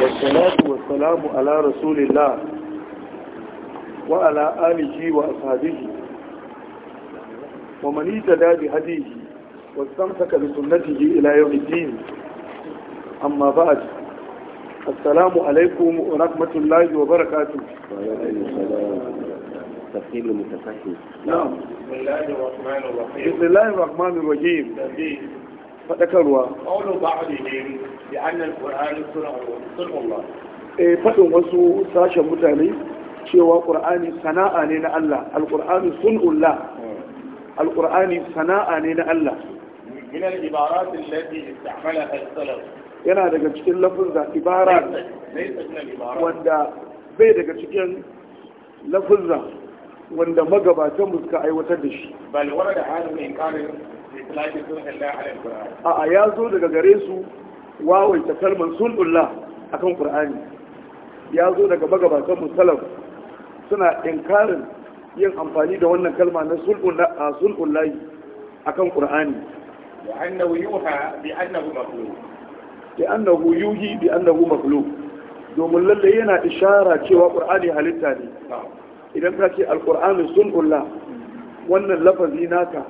والصلاة والسلام على رسول الله وعلى آله وأصحابه ومن اهتدى بهديه واستمسك بسنته إلى يوم الدين أما بعد السلام عليكم ورحمة الله وبركاته وعليكم السلام تفسير المتفهم نعم بسم الله الرحمن الرحيم بسم الله الرحمن الرحيم فذكروا قول بعضهم e faɗin wasu sashen mutane cewa ƙur'ani sana'a ne na Allah alqur'ani sunullah sana'a ne na Allah min al-ibarat salaf yana daga cikin lafuzza ibara wanda bai daga cikin lafuzza wanda magabatan suka aiwatar da shi bal warada sunullah al a ya zo daga gare su ta kalmar sulullah a kan ƙur'ani ya zo daga magabatan musallam suna inkarin yin amfani da wannan kalma na sulɗullah a kan ƙur'ani da annahu yuhi bi annahu makhluq domin lalle yana ishara cewa ƙur'ani halitta ne idan ka ce alƙur'ani sulullah wannan lafazi naka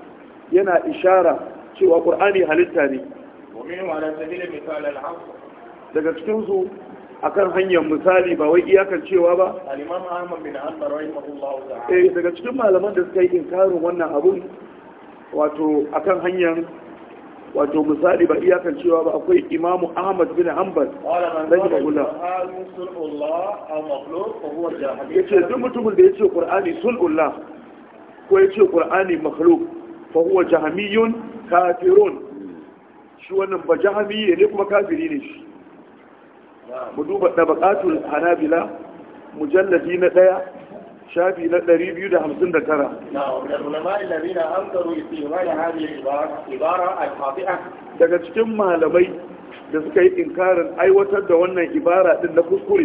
yana ishara cewa ƙur'ani halitta ne daga cikinsu su akan hanyar misali ba wai iyakar cewa ba al eh daga cikin malaman da suka yi inkarin wannan abun wato akan hanyar wato misali ba iyakar cewa ba akwai imamu ahmad bin hanbal Ya ce duk mutumin da ya ce qur'ani sulullah ko yace qur'ani makhluq fa huwa jahmiyun kafirun shi wannan ba jahami ne kuma kafiri ne shi mu duba tabaqatul hanabila mujalladi na daya shafi na 259 daga cikin malamai da suka yi inkarin aiwatar da wannan ibara din na kuskure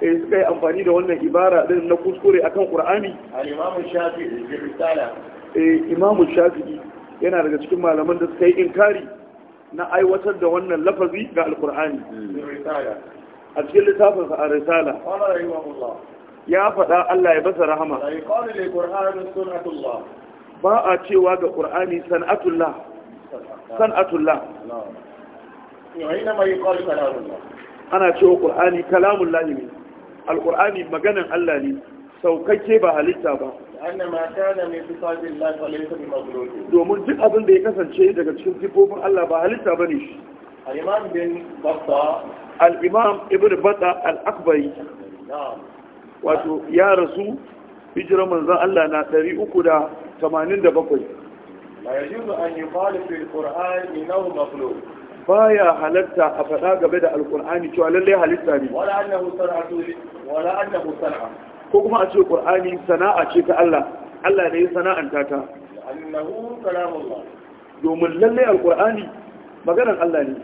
eh suka yi amfani da wannan ibara din na kuskure akan qur'ani al-imam shafi'i bi risala eh imam Shafi. yana daga cikin malaman da suka yi inkari na aiwatar da wannan lafazi ga alkur'ani a cikin littafinsa a risala ya faɗa Allah ya basa rahama ba a cewa ga ƙur'ani san'atullah san'atullah ana cewa ƙur'ani kalamun lahi ne alƙur'ani maganan Allah ne saukakke ba halitta ba domin duk abin da ya kasance daga cikin sifofin Allah ba halitta ba ne shi al'imam ibn bata al'akbari wato ya rasu hijirar manzan Allah na 387 ba ya halatta a faɗa game da alƙul'ani cewa lallai halitta ne wala annahu sar'a ko kuma a ce qur'ani sana'a ce ta Allah Allah ne ya sana'anta ta annahu kalamullah domin lalle alqur'ani maganar Allah ne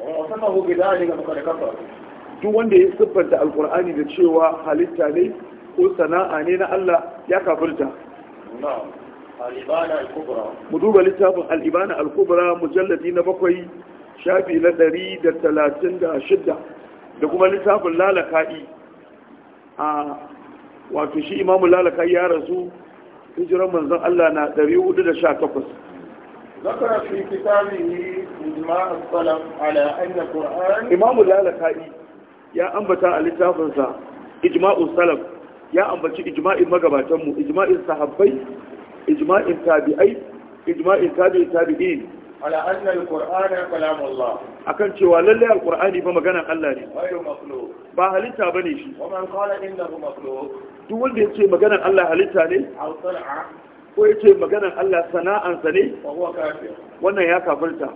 wa duk wanda ya siffanta alqur'ani da cewa halitta ne ko sana'a ne na Allah ya kafirta mu duba littafin al'ibana al-kubra mujalladi na bakwai shafi na ɗari da talatin da shidda da kuma littafin lalaka'i a ah, wato shi imamu lalaka ya rasu hijiran manzon Allah na 418 zakara fi kitabihi ijma' as-salaf ala anna qur'an imamu lalaka ya ambata a littafinsa sa Salam" ya ambaci ijima'in magabatanmu "Ijima'in sahabbai Ijima'in tabi'ai Ijima'in tabi'i tabi'in ala anna al-qur'ana kalamullah akan cewa lalle al-qur'ani fa magana Allah ne ba halitta bane shi wa man qala innahu makhluq duk wanda ya ce maganar Allah halitta ne ko ya ce maganar Allah sana'ansa ne wannan ya kafirta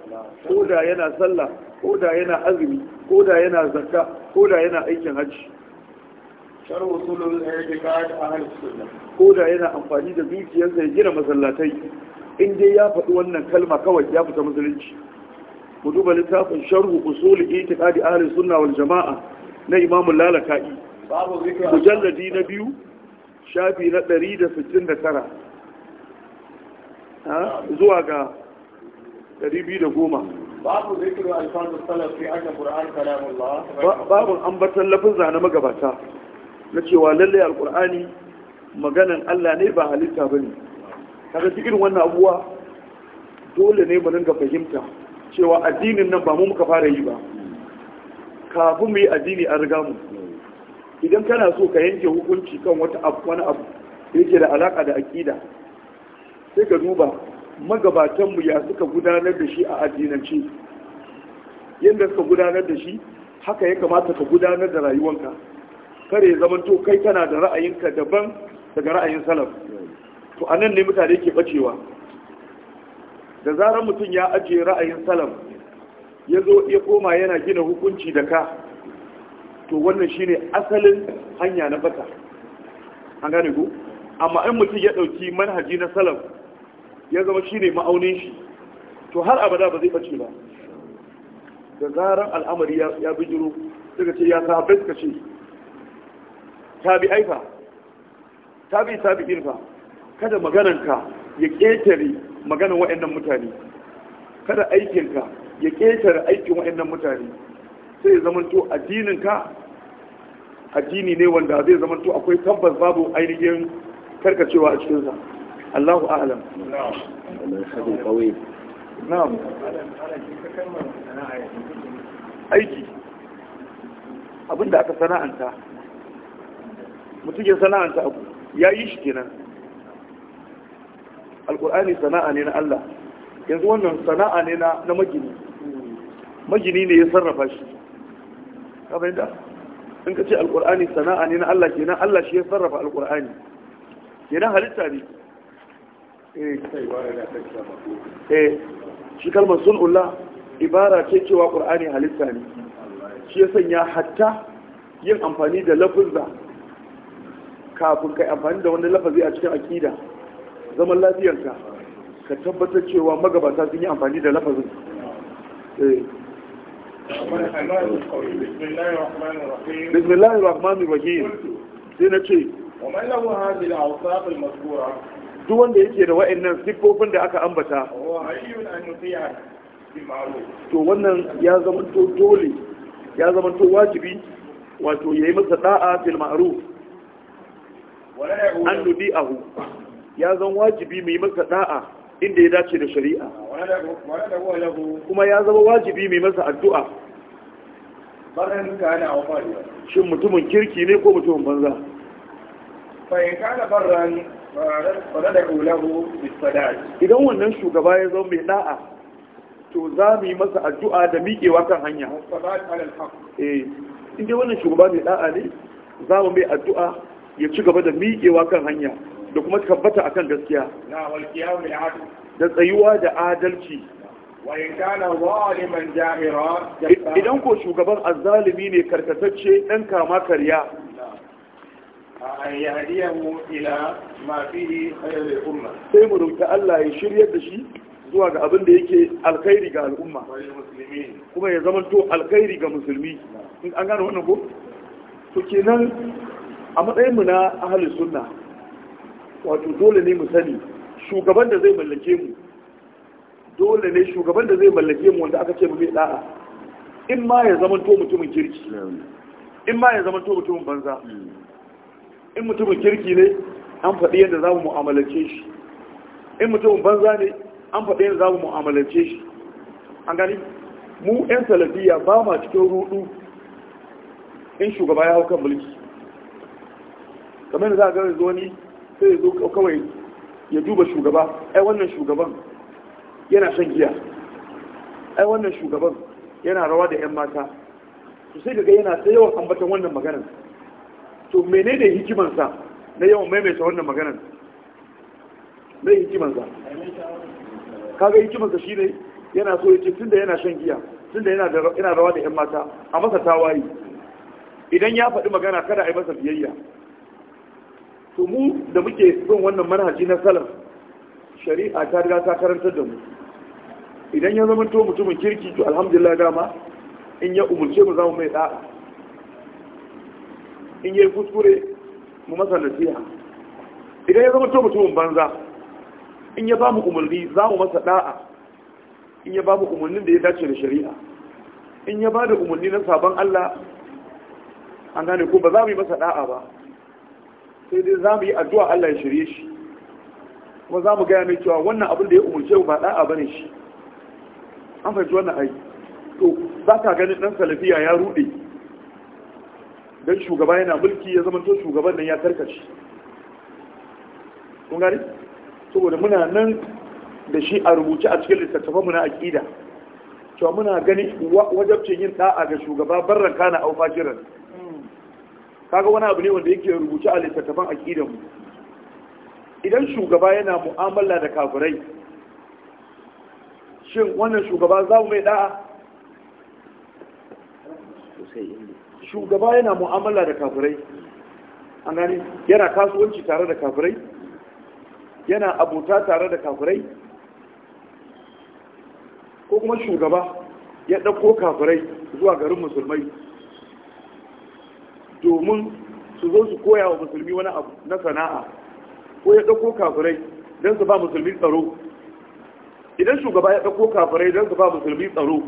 ko da yana sallah ko da yana azumi ko da yana zakka ko da yana aikin hajji ko da yana amfani da zuciyarsa ya gina masallatai in dai ya faɗi wannan kalma kawai ya fita musulunci mu duba littafin sharhu usul itiqadi ahli sunna wal jama'a na imamun lalaka'i mujalladi na biyu shafi na 169 zuwa ga 210 babu zikiru alfazul salaf fi anna qur'an kalamullah babu ambatan lafazza na magabata na cewa lallai Alkur'ani maganan Allah ne ba halitta ba ne. kaga cikin wannan abuwa dole ne mu dinga fahimta cewa addinin nan ba mu muka fara yi ba kafin mu yi addini an riga mu idan kana so ka yanke hukunci kan wata abu wani abu da yake da alaka da aƙida sai ka duba magabatanmu ya suka gudanar da shi a addinance yadda suka gudanar da shi haka ya kamata ka gudanar da rayuwanka kare zamanto kai kana da ra'ayinka daban daga ra'ayin salaf to anan ne mutane ke bacewa da zarar mutum ya ajiye ra'ayin salaf ya zo ya koma yana gina hukunci da ka to wannan shine asalin hanya na bata an gane ku amma in mutum ya dauki manhaji na salaf ya zama shine ma'aunin shi to har abada ba zai bace ba da zaran al'amari ya bijiro suka ce ya sahabbai suka ce tabi aifa tabi tabi irfa kada magananka ya ƙetare maganar waɗannan mutane kada aikinka ya ƙetare aikin waɗannan mutane sai ya zamanto addininka addini ne wanda zai zamanto akwai tabbas babu ainihin karkacewa a cikinsa Allahu a'lam na'am aiki abinda aka sana'anta mutum ya sana'anta abu ya yi shi kenan alkur'ani sana'a ne na Allah yanzu wannan sana'a ne na magini magini ne ya sarrafa shi ka fahimta in ka ce alkur'ani sana'a ne na Allah kenan Allah shi ya sarrafa alkur'ani kenan halitta ne eh. eh shi kalmar sun'ullah ibara ce cewa qur'ani halitta ne shi ya sanya hatta yin amfani da lafuzza kafin kai amfani da wani lafazi a cikin akida zaman lafiyarka ka tabbatar cewa magabata sun yi amfani da lafazin eh. Bismillahi الله الرحمن الرحيم sai na ce duk wanda yake da wa'annan siffofin da aka ambata to wannan ya zamanto dole ya wajibi wato ya yi masa da'a fil ma'ruf an nubi ahu ya zan wajibi mu yi masa da'a inda ya dace da shari'a kuma ya zama wajibi mai masa addu'a shin mutumin kirki ne ko mutumin banza idan wannan shugaba ya zama mai da'a to za mu yi masa addu'a da miƙewa kan hanya eh, inda wannan shugaba mai da'a ne za mu mai addu'a ya ci gaba da miƙewa kan hanya da kuma tabbata akan gaskiya da tsayuwa da adalci idan ko shugaban azzalimi ne karkatacce dan kama karya sai mu rauta Allah ya shiryar da shi zuwa ga abin da yake alkhairi ga al'umma kuma ya zama to alkhairi ga musulmi in an gane wannan ko to kenan a matsayin mu na ahalin sunna wato dole ne mu sani shugaban da zai mallake mu dole ne shugaban da zai mallake mu wanda aka ce mai da'a in ma ya zama to mutumin kirki in ma ya zama to mutumin banza in mutumin kirki ne an faɗi yadda za mu mu'amalance shi in mutumin banza ne an faɗi yadda za mu mu'amalance shi an gani mu 'yan salafiya ba ma cikin rudu in shugaba ya hau kan mulki kamar da za a gari zuwa sai zo kawai ya duba shugaba ai wannan shugaban yana shan giya ai wannan shugaban yana rawa da 'yan mata to sai ga yana ta yawan ambatan wannan magana. to menene hikimansa na yawan maimaita wannan maganar na hikimansa kaga hikimansa shi ne yana so ya ce tun da yana shan giya tun da yana rawa da 'yan mata a masa tawayi. idan ya faɗi magana kada a yi masa biyayya to mu da muke bin wannan manhaji na salaf shari'a ta riga ta karantar da mu idan ya zama to mutumin kirki to alhamdulillah dama in ya umurce mu mu mai da'a in ya kuskure mu masa nasiha idan ya zama to mutumin banza in ya ba mu umarni za mu masa da'a in ya ba mu umarnin da ya dace da shari'a in ya ba da umarni na sabon Allah an gane ko ba za mu yi masa da'a ba sai dai za mu yi addu'a Allah ya shirye shi kuma za mu gaya mai cewa wannan abin da ya umarce ba ɗa'a ba ne shi an fahimci wannan ai to za ka ganin ɗan salafiya ya ruɗe don shugaba yana mulki ya zama to shugaban nan ya karkace kun gani saboda muna nan da shi a rubuce a cikin littattafan mu na aƙida cewa muna gani wajabcin yin ɗa'a ga shugaba barranka na au jiran. kaga wani abu ne wanda yake rubuce a littattafan aƙidanmu idan shugaba yana mu'amala da kafirai shin wannan shugaba za mu mai ɗa'a? shugaba yana mu'amala da kafirai an gani yana kasuwanci tare da kafirai yana abota tare da kafirai ko kuma shugaba ya ɗauko kafirai zuwa garin musulmai domin su zo su koya wa musulmi wani abu na sana'a ko ya ɗauko kafirai don su ba musulmi tsaro idan shugaba ya ɗauko kafirai don su ba musulmi tsaro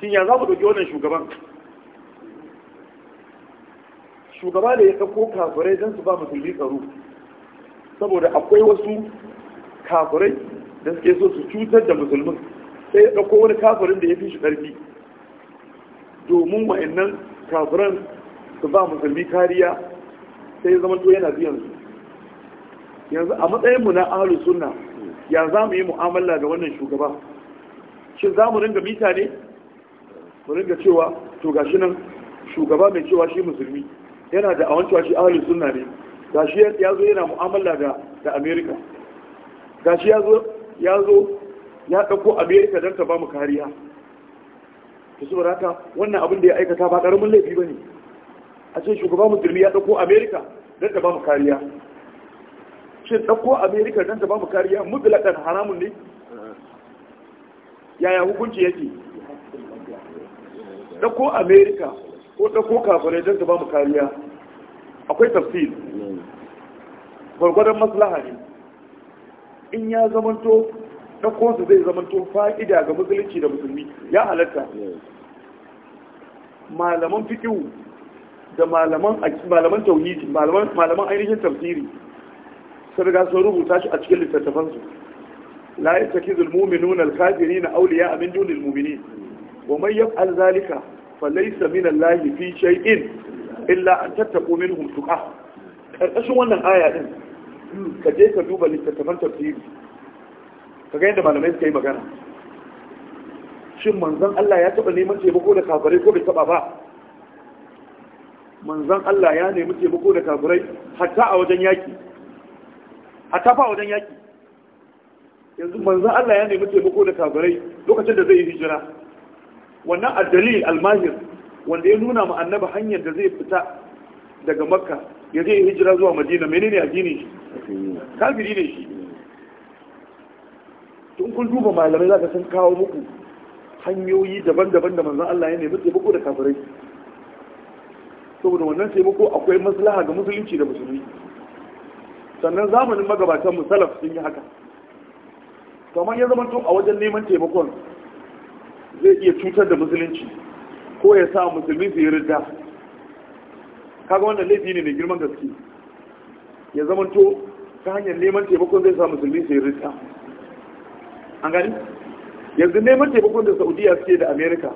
shin ya za mu ɗauki wannan shugaban shugaba da ya ɗauko kafirai don su ba musulmi tsaro saboda akwai wasu kafirai da suke so su cutar da musulmin sai ya ɗauko wani kafirin da ya fi shi ƙarfi domin wa'annan kafiran su ba musulmi kariya sai ya to yana biyan su yanzu a matsayin mu na ahlu sunna ya za mu yi mu'amala ga wannan shugaba shin za mu ringa mita ne mu ringa cewa to gashi nan shugaba mai cewa shi musulmi yana da awan cewa shi ahlu sunna ne gashi ya zo yana mu'amala da da america gashi ya zo ya zo ya dauko america don ta ba mu kariya ta saboda haka wannan abin da ya aikata ba karamin laifi ba ne. a ce shugaba musulmi ya dauko Amerika don ta ba mu kariya shin dauko Amerika don ta ba mu kariya mutlakan haramun ne yaya hukunci yake ɗauko Amerika ko ɗauko kafirai don ta ba mu kariya akwai tafsir gwargwadon maslaha ne in ya zamanto ɗauko zai zama tun fa'ida ga musulunci da musulmi ya halatta malaman da malaman tauhidi malaman ainihin tafsiri sun riga sun rubuta shi a cikin littattafansu la yattakizu almu'minuna alkafirina awliya min duni almu'minin wa man yaf'al zalika falaysa min allahi fi shay'in illa an tattaqu minhum tuqa karkashin wannan aya din ka je ka duba littattafan tafsiri kaga yadda malamai suka yi magana shin manzon Allah ya taba neman taimako da kafirai ko bai taba ba manzon Allah ya nemi taimako da kafirai hatta a wajen yaki hatta fa a wajen yaki yanzu manzon Allah ya nemi taimako da kafirai lokacin da zai yi hijira wannan addali, almahir wanda ya nuna ma annaba hanyar da zai fita daga makka ya yi hijira zuwa madina menene addini shi kafiri ne shi tun kun duba malamai zaka sun kawo muku hanyoyi daban-daban da manzon Allah ya nemi taimako da kafirai saboda wannan taimako akwai maslaha ga musulunci da musulmi sannan zamanin magabatan mu salaf sun yi haka kamar ya zama tun a wajen neman taimakon zai iya cutar da musulunci ko ya sa musulmi su yi rida kaga wannan laifi ne mai girman gaske ya zama to ta hanyar neman taimakon zai sa musulmi su yi rida an gani yanzu neman taimakon da saudiya suke da amerika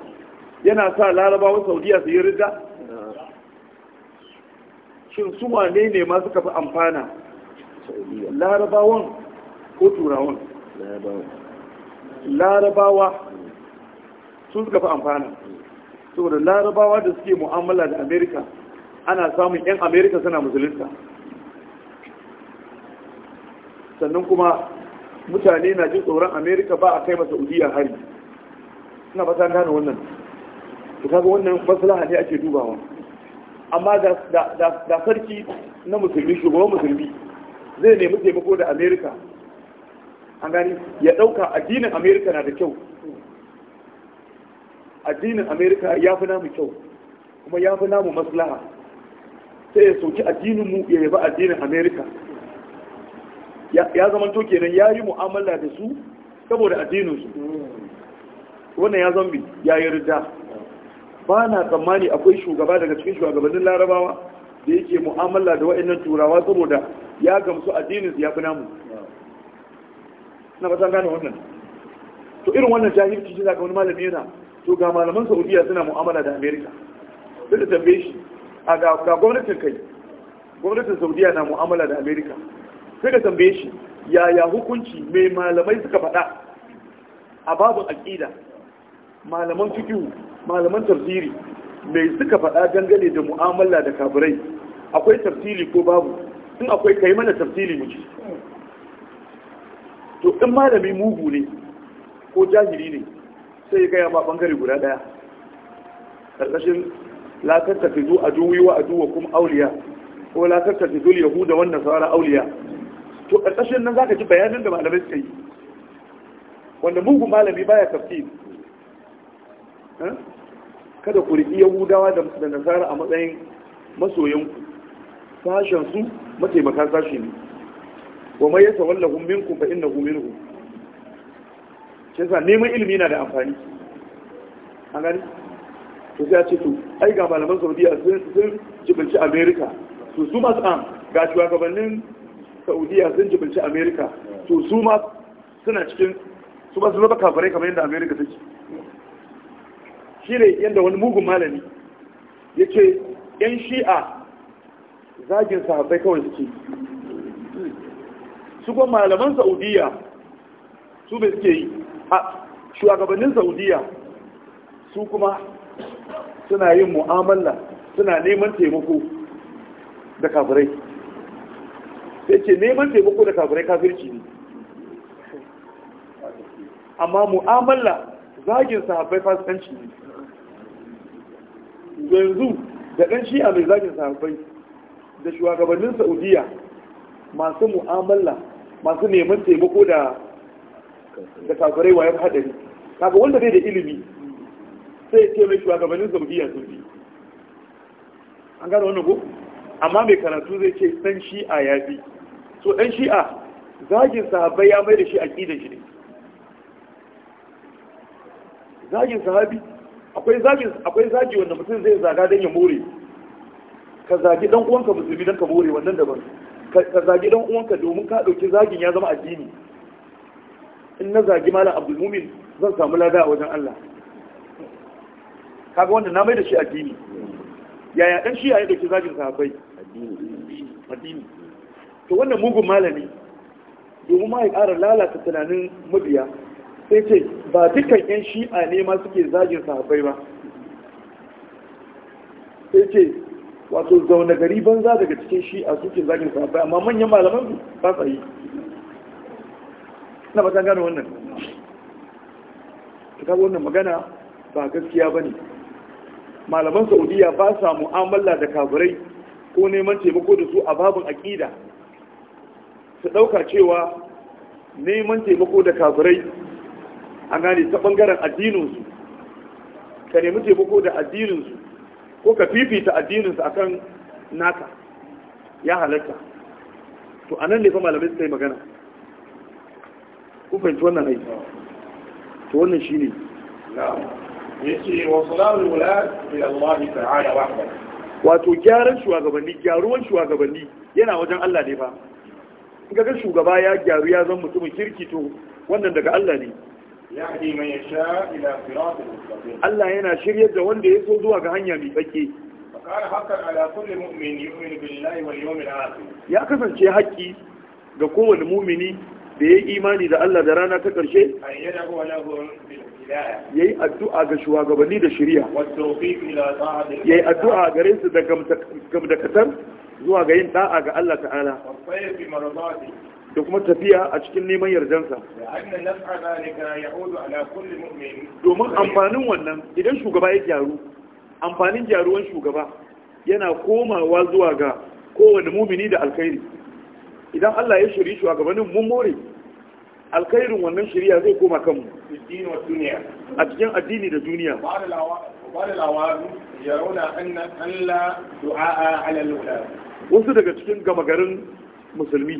yana sa larabawa saudiya su yi rida shin su wane ne ma suka fi amfana larabawan ko turawan larabawa sun suka fi amfana saboda larabawa da suke mu'amala da amerika ana samun 'yan amerika suna musulunta sannan kuma mutane na jin tsoron amerika ba a kai masa udiya hari ina fata gane wannan ta ga wannan maslaha ne ake dubawa amma da sarki na musulmi shugaban musulmi zai nemi taimako da amerika an gani ya dauka addinin amerika na da kyau addinin amerika ya fi namu kyau kuma ya fi namu maslaha sai ya soki addininmu ya yaba addinin amerika ya zama to kenan ya yi mu'amala da su saboda addininsu wannan ya zambi ya yi rida ba na tsammani akwai shugaba daga cikin shugabannin larabawa da yake mu'amala da wa'annan turawa saboda ya gamsu addininsu ya fi namu na ba gane wannan to irin wannan jahilci shi ka wani malami yana to ga malaman saudiya suna mu'amala da america sai da tambaye shi a ga gwamnatin kai gwamnatin saudiya na mu'amala da america sai ka tambaye shi yaya hukunci mai malamai suka faɗa a babu aƙida malaman fikihu malaman tafsiri mai suka faɗa dangane da mu'amala da kafirai akwai tafsiri ko babu in akwai kai mana tafsiri mu to in malami mugu ne ko jahiri ne sai ya gaya ma bangare guda daya karkashin la tattafizu aduwi wa kuma auliya ko la tattafizu yahuda wannan sauran auliya to ƙarƙashin nan za ka ji bayanin da malamai suka yi wanda mugun malami baya tafi? Eh? kada ku riƙi yahudawa da nasara a matsayin masoyanku sashen su mataimakan sashi ne wa mai yasa wallahun minku fa innahu minhu shi sa neman ilimi na da amfani A gani to sai a ce to ai ga malaman saudiya sun jibinci amerika to su masu am ga shugabannin saudiya sun jibinci amerika to su ma suna cikin su ba su zaba kafirai kamar yadda amerika ta ce shi ne yadda wani mugun malami ya ce yan shi'a zagin sahabbai kawai suke su kuma malaman saudiya su bai suke yi a shugabannin saudiya su kuma suna yin mu'amala suna neman taimako da kafirai sai ce neman taimako da kafirai kafirci ne amma mu'amala zagin sahabbai fasikanci ne yanzu da ɗan shi'a mai zagin sahabbai da shugabannin saudiya masu mu'amala masu neman taimako da da kafirai wayan hadari kaga wanda bai da ilimi sai ce mai shugabannin saudiya sun bi an gano wannan ko amma mai karatu zai ce san shi'a ya bi so ɗan shi'a zagin sahabbai ya mai da shi aƙidan shi ne zagin sahabi akwai zagin akwai zagi wanda mutum zai zaga don ya more ka zagi dan uwanka musulmi don ka more wannan daban ka zagi dan uwanka domin ka ɗauki zagin ya zama addini in na zagi malam abdul mumin zan samu lada a wajen Allah kaga wanda na mai da shi addini yaya dan shi ya ɗauki zagin sahabbai addini addini to wannan mugun malami domin ma ya ƙara lalata tunanin mabiya sai ce ba dukkan 'yan shi'a ne ma suke zagin sahabbai ba sai ce wato zaune gari banza daga cikin shi'a suke zagin sahabbai amma manyan malaman ba sa yi na matan gano wannan ta kaga wannan magana ba gaskiya ba ne malaman saudiya ba sa mu'amala da kaburai ko neman taimako da su a babin aƙida su ɗauka cewa neman taimako da kafirai a gane ta ɓangaren addininsu ka nemi taimako da addininsu ko ka fifita addininsu akan naka ya halatta to anan ne fa malamai ta yi magana ku fahimci wannan aiki to wannan shi ne wato gyaran shugabanni gyaruwan shugabanni yana wajen Allah ne fa in ga shugaba ya gyaru ya zan mutumin kirki to wannan daga Allah ne yahdi man yasha ila siratil Allah yana shiryar da wanda ya so zuwa ga hanya mai tsake kana hakan ala kulli mu'min yu'minu billahi wal yawmil akhir ya kasance haƙƙi ga kowane mumini da ya imani da Allah da rana ta ƙarshe ya yi addu'a ga shugabanni da shirya ya yi addu'a gare su da gamdakatar zuwa ga yin ɗa'a ga Allah ta'ala da kuma tafiya a cikin neman yardansa domin amfanin wannan idan shugaba ya gyaru amfanin gyaruwan shugaba yana komawa zuwa ga kowane mumini da alkhairi idan Allah ya shiri shugabannin mun more alkhairin wannan shari'a zai koma mu a cikin addini da duniya wasu daga cikin gama garin musulmi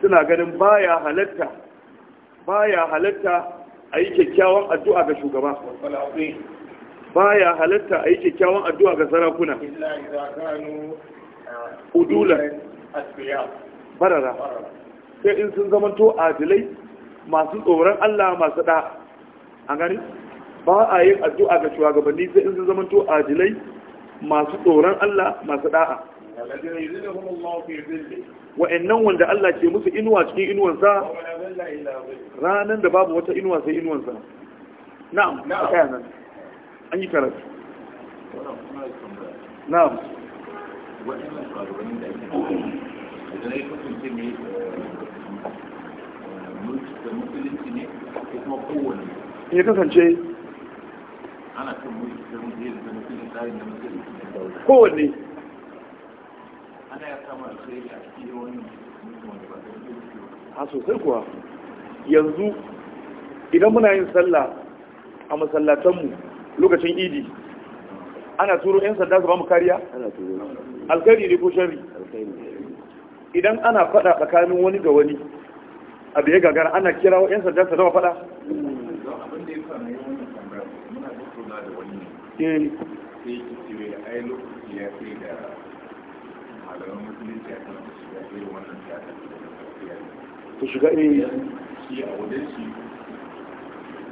suna ganin baya halatta baya halatta a yi kyakkyawan addu'a ga shugaba baya halatta a yi kyakkyawan addu'a ga sarakuna udulan uh, barara sai in sun to adilai masu tsoron Allah masu da A gani ba a yin addu'a ga shugabanni sai in sun to adilai masu tsoron Allah masu da'a wa'annan wanda Allah ke musu inuwa cikin inuwansa ranar da babu wata inuwa sai inuwansa na'am a an yi karatu na'am wa'annan da ake musulai eh, da ya kasance ana musulunci da a sosai kuwa yanzu idan muna yin sallah a masallatanmu lokacin idi ana turo 'yan sanda su ba mu kariya? alkhairi ne ko shari? idan ana faɗa tsakanin wani ga wani a ya gagara ana kira wa 'yan sanda zama fada ta eh. shiga iya eh. shi a wajen shi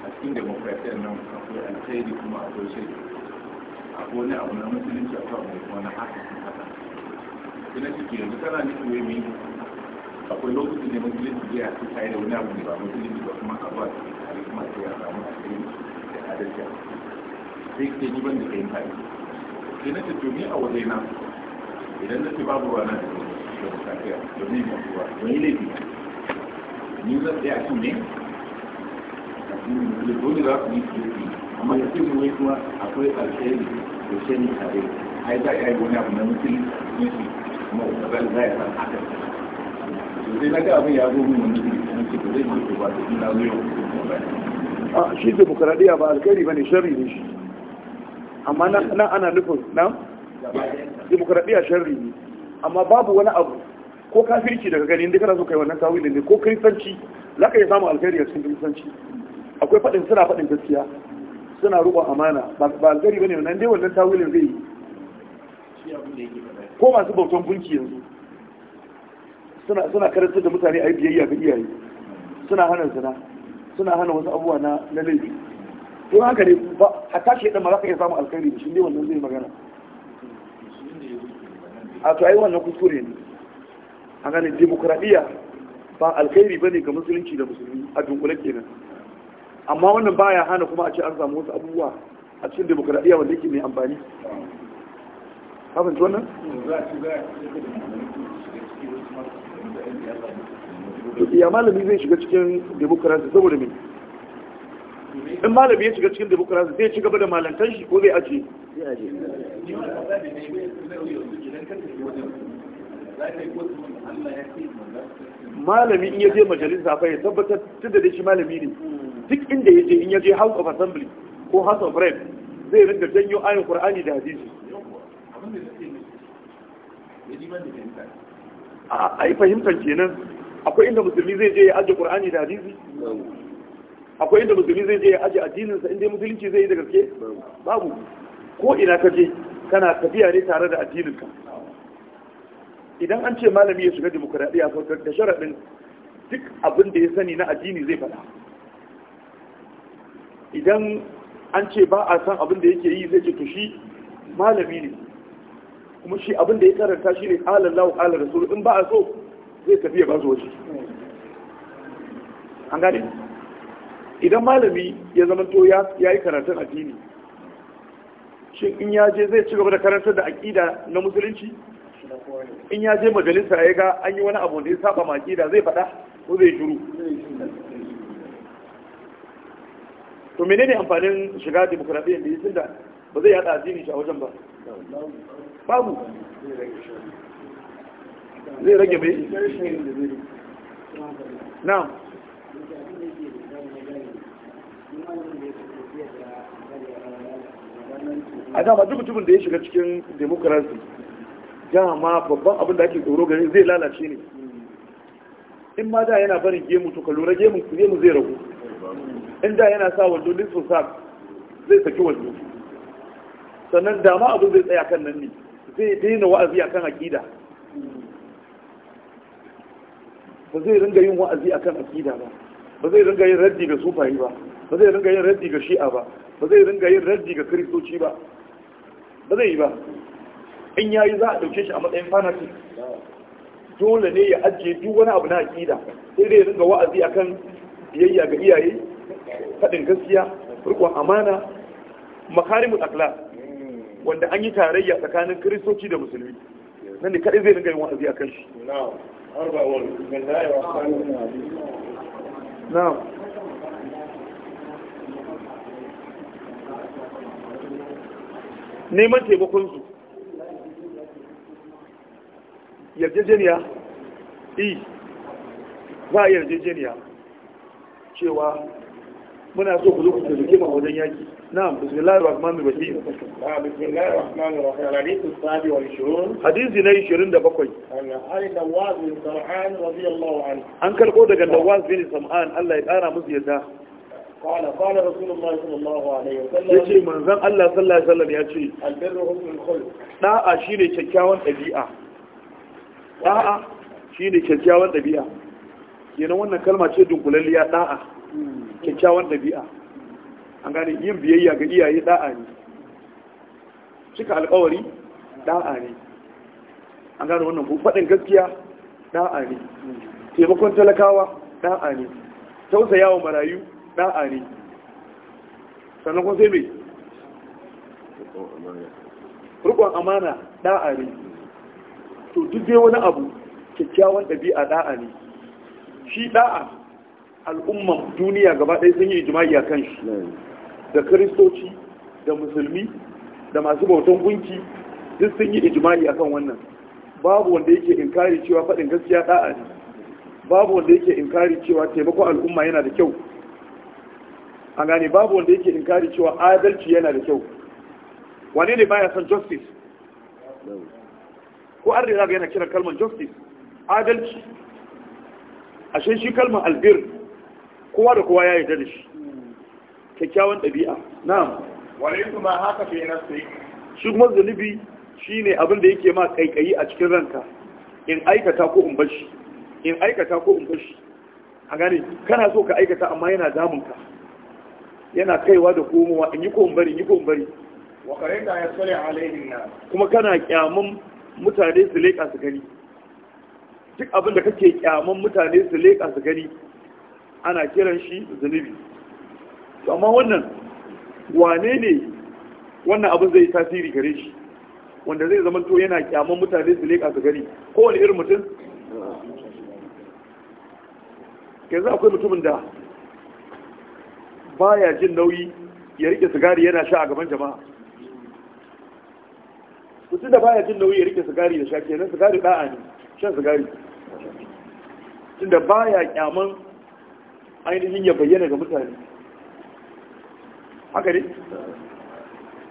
a cikin demokrasiyar nan akwai alkhairi kuma akwai akwai wani abu na musulunci wani haka na ciki yanzu tana nufin wai mai akwai lokacin da musulunci ya fi tare da wani abu ne ba musulunci ba kuma a ba tare kuma sai ya samu a cikin da adalci sai ke ni ban da kai tare sai na ce domin a waje na idan na ce babu ruwa na da musafiya domin don yi laifi ni zan tsaya kan ne a cikin musulunci dole za su yi su amma da cikin wai kuma akwai alkhairi da shani tare ai za a yi wani abu na musulunci a ah, shi demokaradiyya ba alkhairi ba ne shari ne shi amma na ana nufin na demokaradiyya shari ne amma babu wani abu ko kafirci daga gani inda kana so kai wannan tawilin ne ko kristanci za ka iya samun alkhairi a cikin kristanci akwai faɗin suna faɗin gaskiya suna rubo amana ba alkhairi ba ne wannan dai wannan tawilin zai yi ko masu bautan gunki yanzu suna karantar da mutane a yi biyayya ga iyaye suna hana zina suna hana wasu abubuwa na laifi ko haka ne ba a tashi yadda ma za ka iya samun alkhairi da shi ne wannan zai magana a to ai wannan kuskure ne a ganin demokradiyya ba alkhairi ne ga musulunci da musulmi a dunkule kenan amma wannan baya hana kuma a ce an samu wasu abubuwa a cikin demokradiyya wanda yake mai amfani kafin wannan ya malami zai shiga cikin demokarasi saboda mai in malami ya shiga cikin demokarasi zai ci gaba da malantar shi ko zai aji malami in yaje majalisa fa ya tabbatar tunda da shi malami ne duk inda yaje in yaje house of assembly ko house of rep zai rinka janyo ayin qur'ani da hadisi a yi fahimtar kenan akwai inda musulmi zai je ya aje qur'ani da hadisi akwai inda musulmi zai je ya aje addininsa inda musulunci zai yi da gaske babu ko ina ka je kana tafiya ne tare da addininka idan an ce malami ya shiga demokuraɗiyya da sharaɗin duk abin da ya sani na addini zai faɗa idan an ce ba a san abin da yake yi zai ce to shi malami ne kuma shi abin da ya karanta shi ne ƙalar lawo rasulu in ba a so zai tafi ya bazu waje an gane idan malami ya zama to ya yi a addini shi in ya je zai ci gaba da karantar da aƙida na musulunci in ya je majalisa ya ga an yi wani abu da ya saba ma aƙida zai faɗa ko zai shuru to menene amfanin shiga demokradiyyar da ya tunda ba zai yada addini shi a wajen ba babu zai rage bai na a dama duk tubin da ya shiga cikin demokarasi dama babban abin da ake tsoro gari zai lalace ne in ma da yana barin gemu to ka lura gemu gemu zai ragu in da yana sa wando nisfin sa zai saki wando sannan dama abin zai tsaya kan nan ne zai daina wa'azi akan aqida ba zai ringa yin wa'azi akan aqida ba ba zai ringa yin raddi ga sufayi ba ba zai ringa yin raddi ga shi'a ba ba zai ringa yin raddi ga kristoci ba ba zai yi ba in yayi za a dauke shi a matsayin fanatic dole ne ya ajiye duk wani abu na aqida sai dai ringa wa'azi akan biyayya ga iyaye faɗin gaskiya rikon amana makarimul akhlaq wanda an yi tarayya tsakanin kiristoci da musulmi nan ne kaɗai zai ringa yin wa'azi kan shi na'am neman taimakon su yarjejeniya e ba a yarjejeniya cewa muna so ku zo ku taimake ma a wajen yaki نعم بسم الله الرحمن الرحيم بسم الله الرحمن الرحيم الحديث السابع والعشرون حديث زي 27 da علي نواز بن سمعان رضي الله عنه an karbo daga Nawaz bin Sam'an Allah ya musu yadda قال قال رسول الله صلى الله عليه yace manzon Allah sallallahu alaihi wasallam albirru husnul khuluq da'a shine kyakkyawan ɗabi'a. da'a shine kyakkyawan ɗabi'a. kenan wannan kalma ce dunkulalliya da'a kyakkyawan ɗabi'a. an gane yin biyayya ga iyaye da'a ne cika alkawari da'a ne an gane wannan ko faɗin gaskiya da'a ne taimakon talakawa da'a ne tausayawa marayu da'a ne sannan kun sai mai rukun amana da'a ne to duk dai wani abu kyakkyawan ɗabi'a da'a ne shi da'a al'umman duniya gaba ɗaya sun yi jima'i a kan shi da kiristoci da musulmi da masu bautan gunki duk sun yi ijimali akan wannan babu wanda yake inkari cewa faɗin gaskiya da'a ne babu wanda yake inkari cewa taimakon al'umma yana da kyau a gane babu wanda yake inkari cewa adalci yana da kyau wane ne baya son justice ko an rera yana kiran kalmar justice adalci ashe shi kalmar albir kowa da kowa ya yi da shi kyakkyawan ɗabi'a na'am walaitu kuma haka fi sai shi kuma zunubi shine abin da yake ma kaikayi a cikin ranka in aikata ko in bashi in aikata ko in bashi a gane kana so ka aikata amma yana damun ka yana kaiwa da komowa in yi ko in bari in yi ko in bari wa karanta ya sale alaihin na kuma kana kyamun mutane su leƙa su gani duk abin da kake kyamun mutane su leƙa su gani ana kiran shi zunubi to amma wannan wane ne wannan abin zai tasiri gare shi wanda zai zama to yana kyaman mutane su leƙa su gani kowane irin mutum yanzu akwai mutumin da baya jin nauyi ya rike sigari yana sha a gaban jama'a mutum da baya jin nauyi ya rike sigari da sha ke nan sigari da'a ne shan sigari da baya kyaman ainihin ya bayyana ga mutane haka ne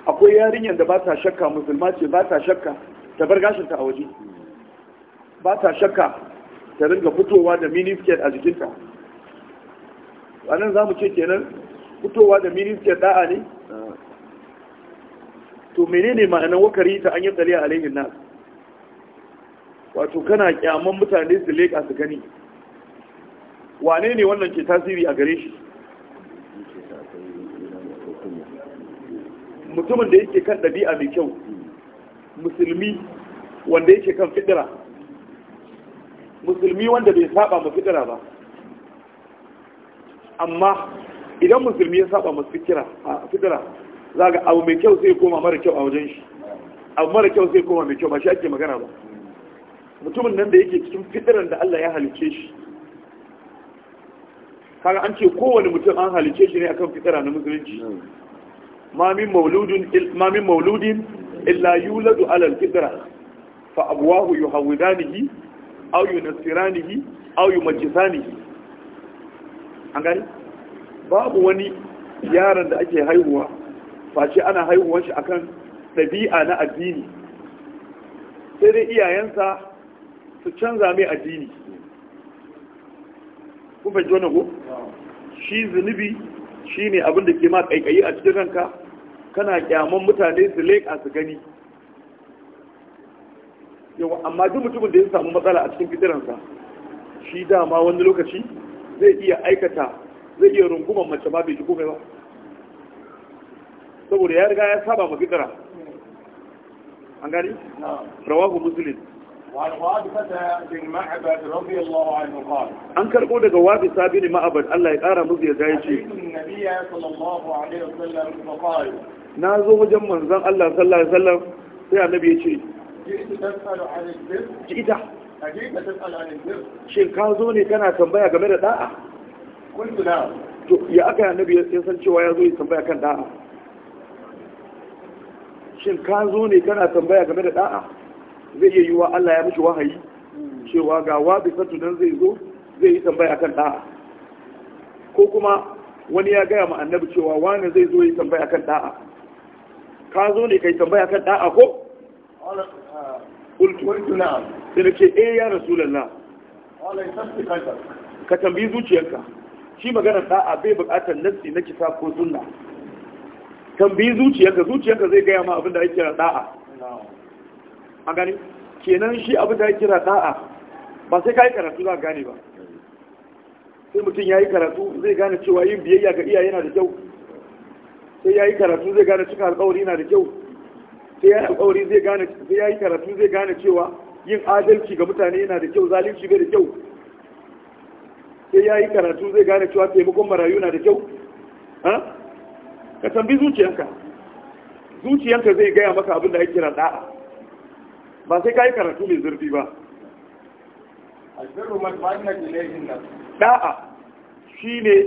akwai yarinyar da ba ta shakka musulma ce ba ta shakka ta bar gashinta a waje ba ta shakka ta ringa fitowa da miniskirt a jikinta wannan za mu ce kenan fitowa da miniskirt da'a ne to menene ma'anar wakari ta an yi a alayhin nan wato kana kyaman mutane su leƙa su gani wane ne wannan ke tasiri a gare shi mutumin da yake kan ɗabi'a mai kyau musulmi wanda yake kan fitira musulmi wanda bai saba ma fitira ba amma idan musulmi ya saba ma fitira za ga abu mai kyau sai koma mara kyau a wajen shi abu mara kyau sai koma mai kyau ba shi ake magana ba mutumin nan da yake cikin fitiran da Allah ya halice shi kaga an ce kowane mutum an halice shi ne akan fitira na musulunci ma min mauludin illa yuladu alal fitra fa abuwahu yuhawidanihi aw yunasiranihi aw yumajjisanihi babu wani yaron da ake haihuwa face ana haihuwar shi akan ɗabi'a na addini sai dai iyayensa su canza mai addini kun fahimci wannan shi zunubi shine abin da ke ma kaikayi a cikin ranka kana kyaman mutane su leƙa su gani yawa amma duk mutumin da ya samu matsala a cikin fitiransa shi dama wani lokaci zai iya aikata zai iya runguman mace ma bai kuma komai ba saboda ya riga ya saba ma fitira an gani rawahu musulun an karɓo daga wafi sabi ne ma'abar Allah ya ƙara musu ya zai ce na zo wajen manzon Allah sallallahu alaihi wasallam sai annabi ya ce ji ita shin ka zo ne kana tambaya game da da'a kuntu na to ya aka annabi ya san cewa ya zo ya tambaya kan da'a shin ka zo ne kana tambaya game da da'a zai iya yiwa Allah ya mishi wahayi cewa ga wabi sattu nan zai zo zai yi tambaya kan da'a ko kuma wani ya gaya ma annabi cewa wani zai zo yi tambaya kan da'a ka zo ne kai tambaya kan da'a ko ah, qultu na'am sai nace eh ya rasulullah wala tasbi qalbak ka tambayi zuciyarka shi magana da'a bai buƙatar nassi na kitab ko sunna tambayi zuciyarka zuciyarka zai gaya ma abin da ake kira da'a a gani kenan shi abin da ake kira da'a ba sai ka yi karatu za ka gane ba eh. sai mutum ya yi karatu zai gane cewa yin biyayya ga iyaye yana da kyau sai ya yi karatu zai gane cika alkawari na da kyau sai ya yi alkawari zai gane sai ya yi karatu zai gane cewa yin adalci ga mutane yana da kyau zalunci bai da kyau sai ya yi karatu zai gane cewa taimakon marayu na da kyau ka tambi zuciyanka zuciyanka zai gaya maka abin da ya kira da'a ba sai ka yi karatu mai zurfi ba da'a shi ne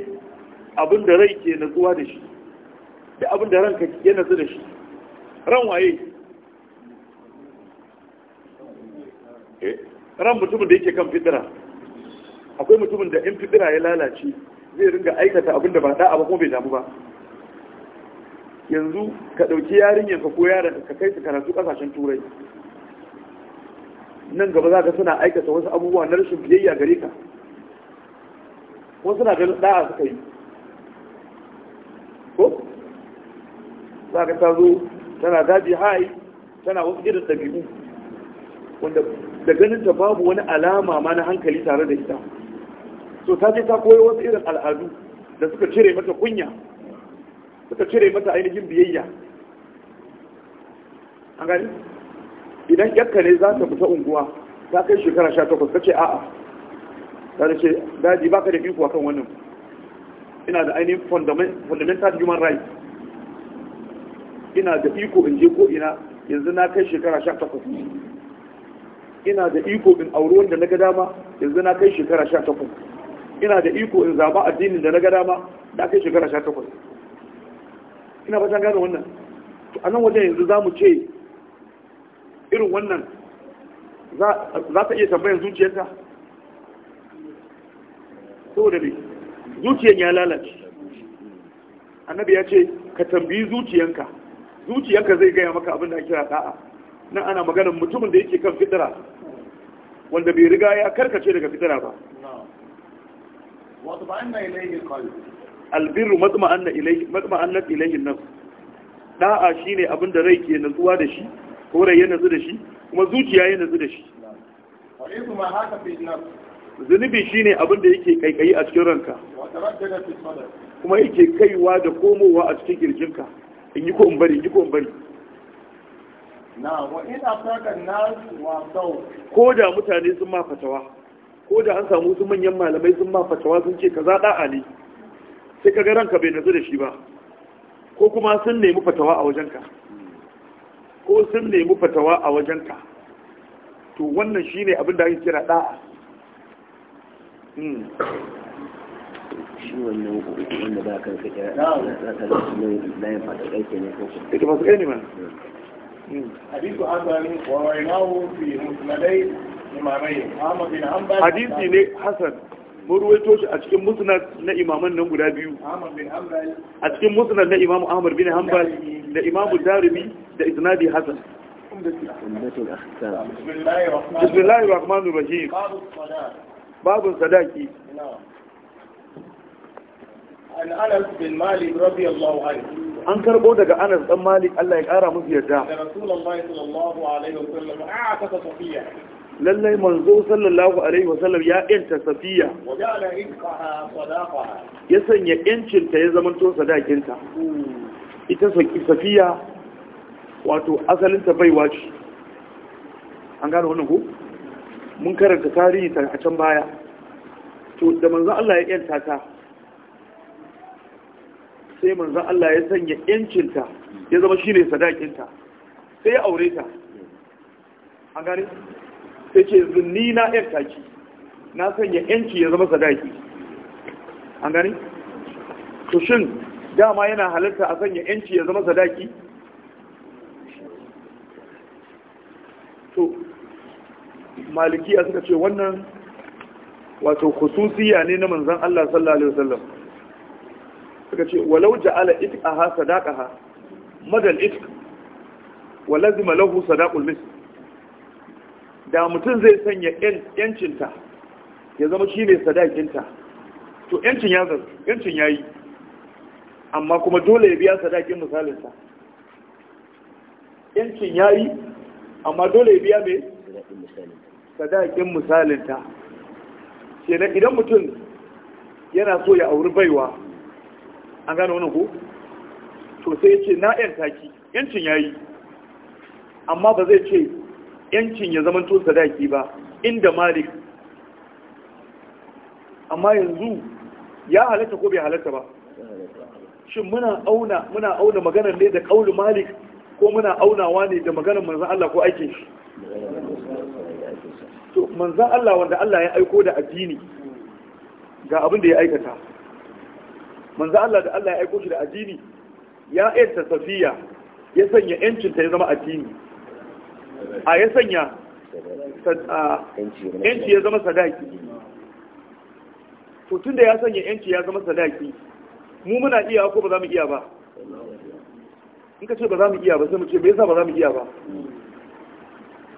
abin da rai ke natsuwa da shi da abin da ranka ke nazu da shi ran waye eh, ran mutumin da yake kan fitira akwai mutumin da in fitira ya lalace zai ringa aikata abin da ba da'a ba kuma bai damu ba yanzu ka ɗauki yarinyar ka ko yaran ka kai su karatu ƙasashen turai nan gaba za ka suna aikata wasu abubuwa na rashin biyayya gare ka wasu na ganin ɗa'a suka yi ko za ka ta zo tana daji hai tana wasu irin ɗabi'u wanda da ganin ta babu wani alama ma na hankali tare da ita so ta ce ta koyo wasu irin al'adu da suka cire mata kunya suka cire mata ainihin biyayya an gani idan yakka ne za ta fita unguwa ta kai shekara sha takwas ka ce a'a ta ce daji ba ka da kuwa kan wannan ina da ainihin fundamental human rights ina da iko in je ko ina yanzu na kai shekara 18 ina da iko in auri wanda na ga dama yanzu na kai shekara 18 ina da iko in zaba addinin da na ga dama na kai shekara 18 ina fatan gane wannan a nan wajen yanzu za mu ce irin wannan za ta iya tambayar zuciyarta da ne zuciyar ya lalace annabi ya ce ka tambayi zuciyanka zuciyarka zai gaya maka abin da kira da'a nan ana maganar mutumin da yake kan fitira wanda bai riga ya karkace daga fitira ba Albiru matma'anna ilayhi nan da'a shi ne shine abin da rai ke nazuwa da shi ko rai ya nutsu da shi kuma zuciya ya nutsu da shi zunubi shine abin da yake kaikayi a cikin ranka kuma yake kaiwa da komowa a cikin kirjinka in yi ko in bari in yi ko in bari na wa in afaka na wa sau ko da mutane sun ma fatawa ko da an samu su manyan malamai sun ma fatawa sun ce za da'a ne sai ka ga ranka bai nazu da shi ba ko kuma sun nemi fatawa a wajenka ko sun nemi fatawa a wajenka to wannan shine abin da ake kira da'a hmm. shi wannan wanda ba kan kira za ta da fata ne kai hasan wa rainahu fi hadisi ne shi a cikin musnad na imaman nan guda biyu a cikin musnad na imamu ahmad bin hanbal da imamu darimi da isnadi hasan Bismillahirrahmanirrahim. Babun babu sadaki an anas bin malik radiyallahu anhu an karbo daga anas dan malik Allah ya kara musu yarda lallai manzo sallallahu alaihi wasallam ya yanta safiya ya sanya yancin ta ya zama to sadakin ta hmm. ita safiya wato asalin ta baiwa ce an gano wannan ko mun karanta tarihi ta a can baya to da manzo Allah ya yanta ta sai manzan Allah ya sanya yancinta ya zama shi ne sadakinta sai ya aure ta an gane sai ce zunni na yar ki? na sanya yanci ya zama sadaki an gane to shin dama yana halitta a sanya yanci ya zama sadaki to maliki a suka ce wannan wato khususiya ne na manzan Allah sallallahu alaihi wasallam suka ce walau ja'ala itqaha sadaqaha madal itq wa lazima lahu sadaqul mis. da mutum zai sanya yancinta ya zama shi ne sadakinta to yancin ya zartu yancin ya yi amma kuma dole ya biya sadakin misalinsa yancin ya yi amma dole ya biya mai sadakin misalinta na idan mutum yana so ya auri baiwa an gane wani ko to sai ya ce na yanta ki yancin ya yi amma ba zai ce yancin ya zama tosa daki ba inda malik amma yanzu ya halatta ko bai halatta ba shin muna auna muna auna maganar ne da kaulu malik ko muna aunawa ne da maganar manzan Allah ko aikin shi to manzan Allah wanda Allah ya aiko da addini ga abin da ya aikata manzo Allah da Allah ya aiko shi da addini ya yanta safiya ya sanya yancin ta ya zama addini a ya sanya yanci ya zama sadaki to tunda ya sanya yanci ya zama sadaki mu muna iya ko ba za mu iya ba in ka ce ba za mu iya ba sai mu ce me yasa ba za mu iya ba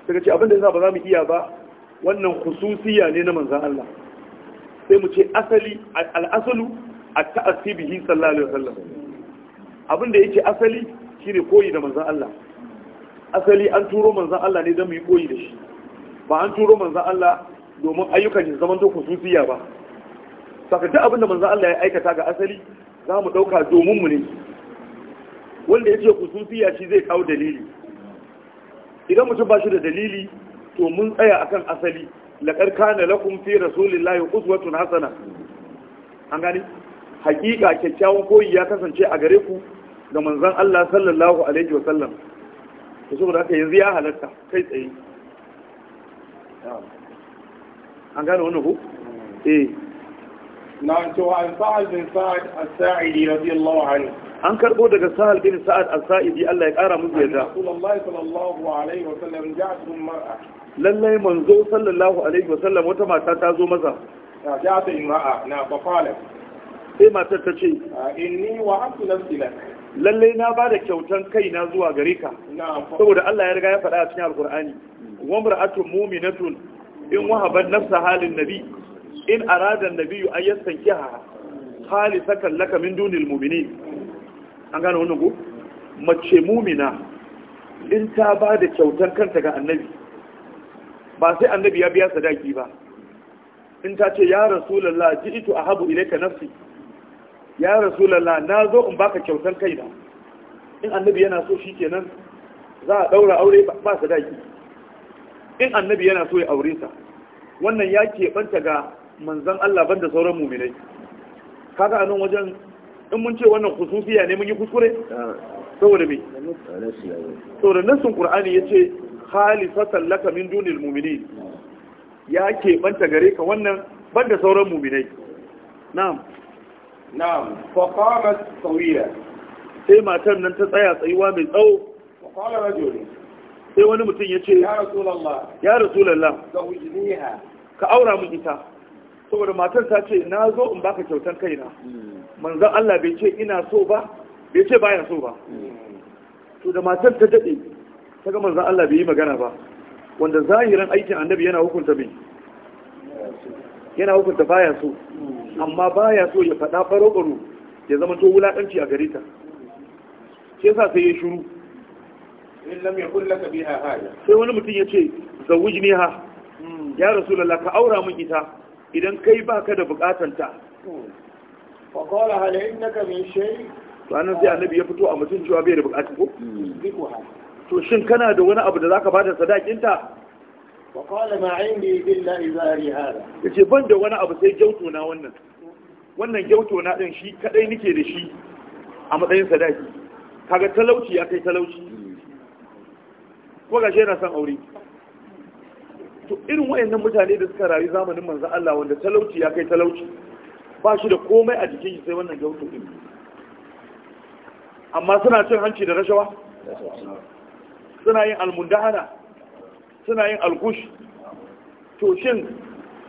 daga ce abinda yasa ba za mu iya ba wannan khususiya ne na manzan Allah sai mu ce asali al'asalu a ta'assi bihi sallallahu alaihi wasallam abin da yake asali shine koyi da manzon Allah asali an turo manzon Allah ne don mu yi koyi da shi ba an turo manzon Allah domin ayyukan shi zaman doko kususiya ba saka duk abin da manzon Allah ya aikata ga asali za mu dauka domin mu ne wanda yake kususiya shi zai kawo dalili idan mutum ba shi da dalili to mun tsaya akan asali laqad kana lakum fi rasulillahi uswatun hasana an gani hakika kyakkyawan koyi ya kasance a gare ku ga manzon Allah sallallahu alaihi wa sallam to saboda haka yanzu ya halatta kai tsaye an gane wannan ku eh na to an sa'al bin sa'ad as-sa'idi radiyallahu anhu an karbo daga sa'al bin sa'ad as-sa'idi Allah ya kara musu yadda sallallahu alaihi wa sallam ja'at mar'a lallai manzo sallallahu alaihi wa sallam wata mata ta zo masa ja'at imra'a na fa qalat sai matar ta ce inni wa hasu nafsi lallai na ba da kyautan kaina zuwa gare ka saboda Allah ya riga ya faɗa a cikin alkur'ani wa mar'atu mu'minatun in wahabat nafsa halin nabi in arada an-nabi ki yastankiha Hali laka min dunil mu'minin an gane wannan ko mace mu'mina in ta ba da kyautan kanta ga annabi ba sai annabi ya biya sadaki ba in ta ce ya rasulullah ji'tu ahabu ilayka nafsi ya rasulallah na zo in baka kyautan na. in annabi yana so shi kenan za a daura aure ba sadaki in annabi yana so ya aure sa wannan ya keɓanta ga manzan Allah banda sauran muminai kaga a nan wajen in mun ce wannan khususiya ne mun yi kuskure saboda me saboda nassin qur'ani yace hali laka min dunil mu'minin ya keɓanta gare ka wannan banda sauran muminai na'am na'am fa qamat sawiya sai matan nan ta tsaya tsayuwa mai tsawo fa qala rajul sai wani mutum yace ya rasulullah ya rasulullah zawjniha ka aura mu ita saboda matan ta ce na zo in baka kyautar kaina hmm. manzon Allah bai ce ina so ba bai ce baya so ba hmm. to da matan ta dade ta ga manzon Allah bai yi magana ba wanda zahiran aikin annabi yana hukunta bai yana hukunta baya so hmm. amma ba ya so ya faɗa faro baro ya zama to wulaƙanci a gare ta ce sa sai ya shiru sai wani mutum ya ce zawuj ne ha hmm. ya rasu ka aura mun ita idan kai ba ka da buƙatanta hmm. fa halayen na ka min shay to anan sai annabi ya fito a mutum cewa bai da bukatu ko hmm. to shin kana da wani abu da ka bada sadakinta ta ma'aini qala ma indi illa izari hada ce ban da wani abu sai jautu na wannan wannan gyauto na ɗin shi kaɗai nike da shi a matsayin sadaki kaga talauci ya kai talauci kuma gashi yana son aure to irin wayannan mutane da suka rayu zamanin manzan Allah wanda talauci ya kai talauci ba shi da komai a jikin shi sai wannan gyauto ɗin amma suna cin hanci da rashawa suna yin almundahana suna yin alkush to shin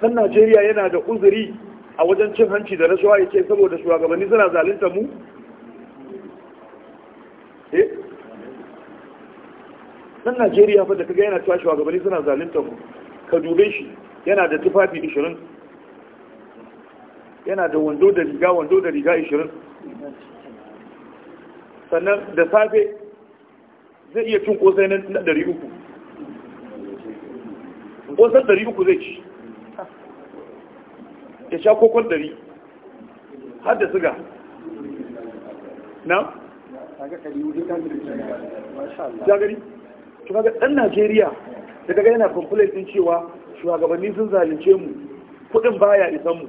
ɗan Najeriya yana da uzuri a wajen cin hanci da rashawa ya ce saboda shugabanni suna zalinta mu eh nan najeriya fa da kaga yana cewa shugabanni suna zalinta mu ka dube shi yana da tufafi 20 yana da wando da riga wando da riga 20 sannan da safe zai iya cin kosai na 300 kosar 300 zai ci ya sha kokon ɗari har da suga na? jagari kuma ɗan najeriya da daga yana complain cewa shugabanni sun zalunce mu kuɗin baya isan mu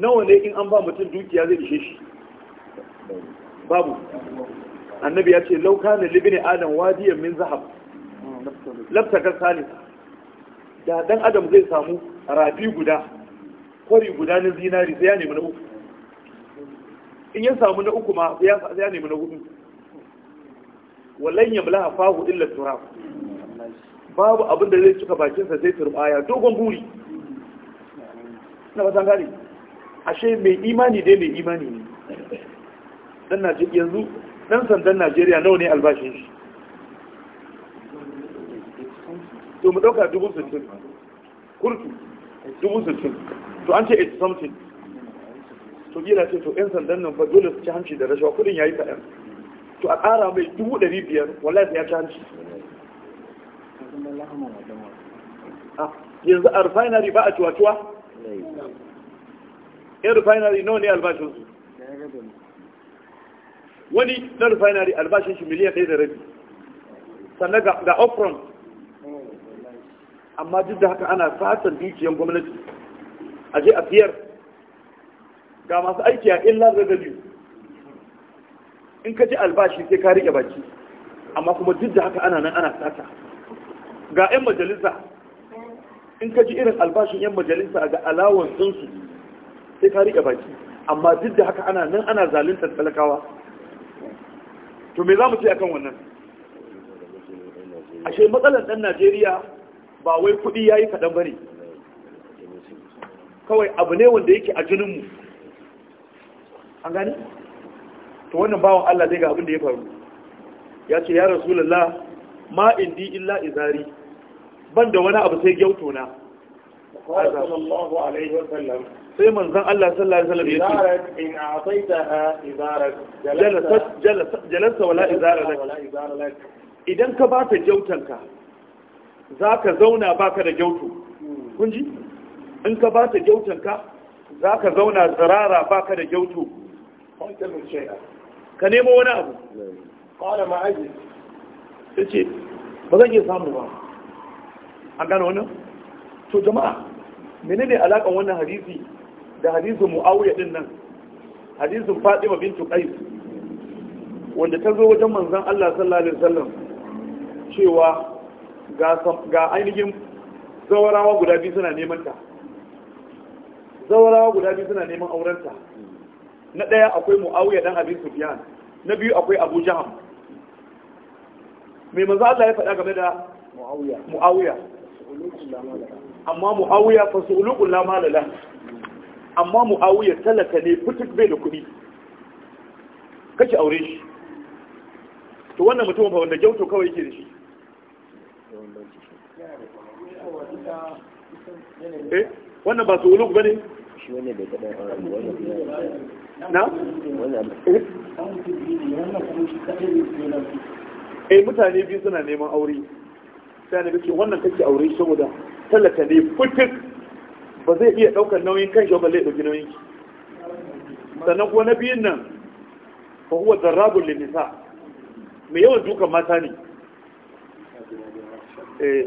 nawa ne in an ba mutum dukiya zai ishe shi babu annabi ya ce lauka na libini adam wadiyar min zahab hmm, laftakar salis da dan adam zai samu rafi guda kwari guda na zinari sai ya nemi na uku in ya samu na uku ma sai ya nemi na hudu wallan ya mulaha fahu illa turab babu abin da zai cika bakinsa sai turbaya dogon buri na san gari. ashe mai imani dai mai imani ne dan Najeriya yanzu dan sandan Najeriya nawa ne albashin shi to mu dauka dubu sittin kurtu dubu sittin to an ce it's something to gina ce to yan sandan nan fa dole su ci hanci da rashawa kudin yi kaɗan to a ƙara mai dubu ɗari biyar wallahi sai ya ci hanci ah, yanzu a refinery ba a cuwa-cuwa? in refinery nawa ne albashin su? wani na refinery albashin shi miliyan ɗaya da rabi sannan ga upfront amma duk da haka ana fatan dukiyan gwamnati a je a biyar ga masu aiki a illa revenue in ka ji albashi sai ka rike baki amma kuma duk da haka ana nan ana sata ga 'yan majalisa in ka ji irin albashin 'yan majalisa ga alawan sunsu sai ka rike baki amma duk da haka ana nan ana zaluntar talakawa to me za mu ce akan wannan ashe matsalar ɗan najeriya ba wai kuɗi ya yi kaɗan ba ne kawai abu ne wanda yake a jininmu an gani to wannan bawon Allah zai ga abin da ya faru ya ce ya rasulullah ma indi illa izari ban da wani abu sai gyauto na sai manzan Allah sallallahu alaihi wasallam ya ce in ataita izarak jalasa jalasa wala izarak idan ka ba ta gyautanka zaka zauna baka da gyauto hmm. kun ji in ka ba ta gyautanka za ka zauna tsirara ba ka da gyautu ka nemo wani abu ƙwada ma'aji ta ce ba zan iya samu ba an gano wannan to jama'a mene ne alaƙa wannan hadisi da hadisun mu'awuyar din nan faɗi fatima bintu ƙai. wanda ta zo wajen manzan Allah sallallahu alaihi cewa ga ainihin zawarawa guda biyu suna neman ta zaurawa guda biyu suna neman aurenta na ɗaya akwai mu'awiya dan abin sufyan na biyu akwai abu jaham mai manzo Allah ya faɗa game da mu'awiya mu'awiya amma mu'awiya fa su'uluqul la malala amma mu'awiya talaka ne fituk bai da kuɗi kace aure shi to wannan mutumin ba wanda jauto kawai yake da shi eh wannan ba su ba ne? shi wani bai taɓa na? Eh? eh mutane biyu suna neman aure sai na ce wannan kake aure saboda talaka ne fitik ba zai iya ɗaukar nauyin kan shi ba zai ɗauki nauyin ki sannan kuma na biyun nan fa huwa zarrabul Limisa, mai yawan dukan mata ne eh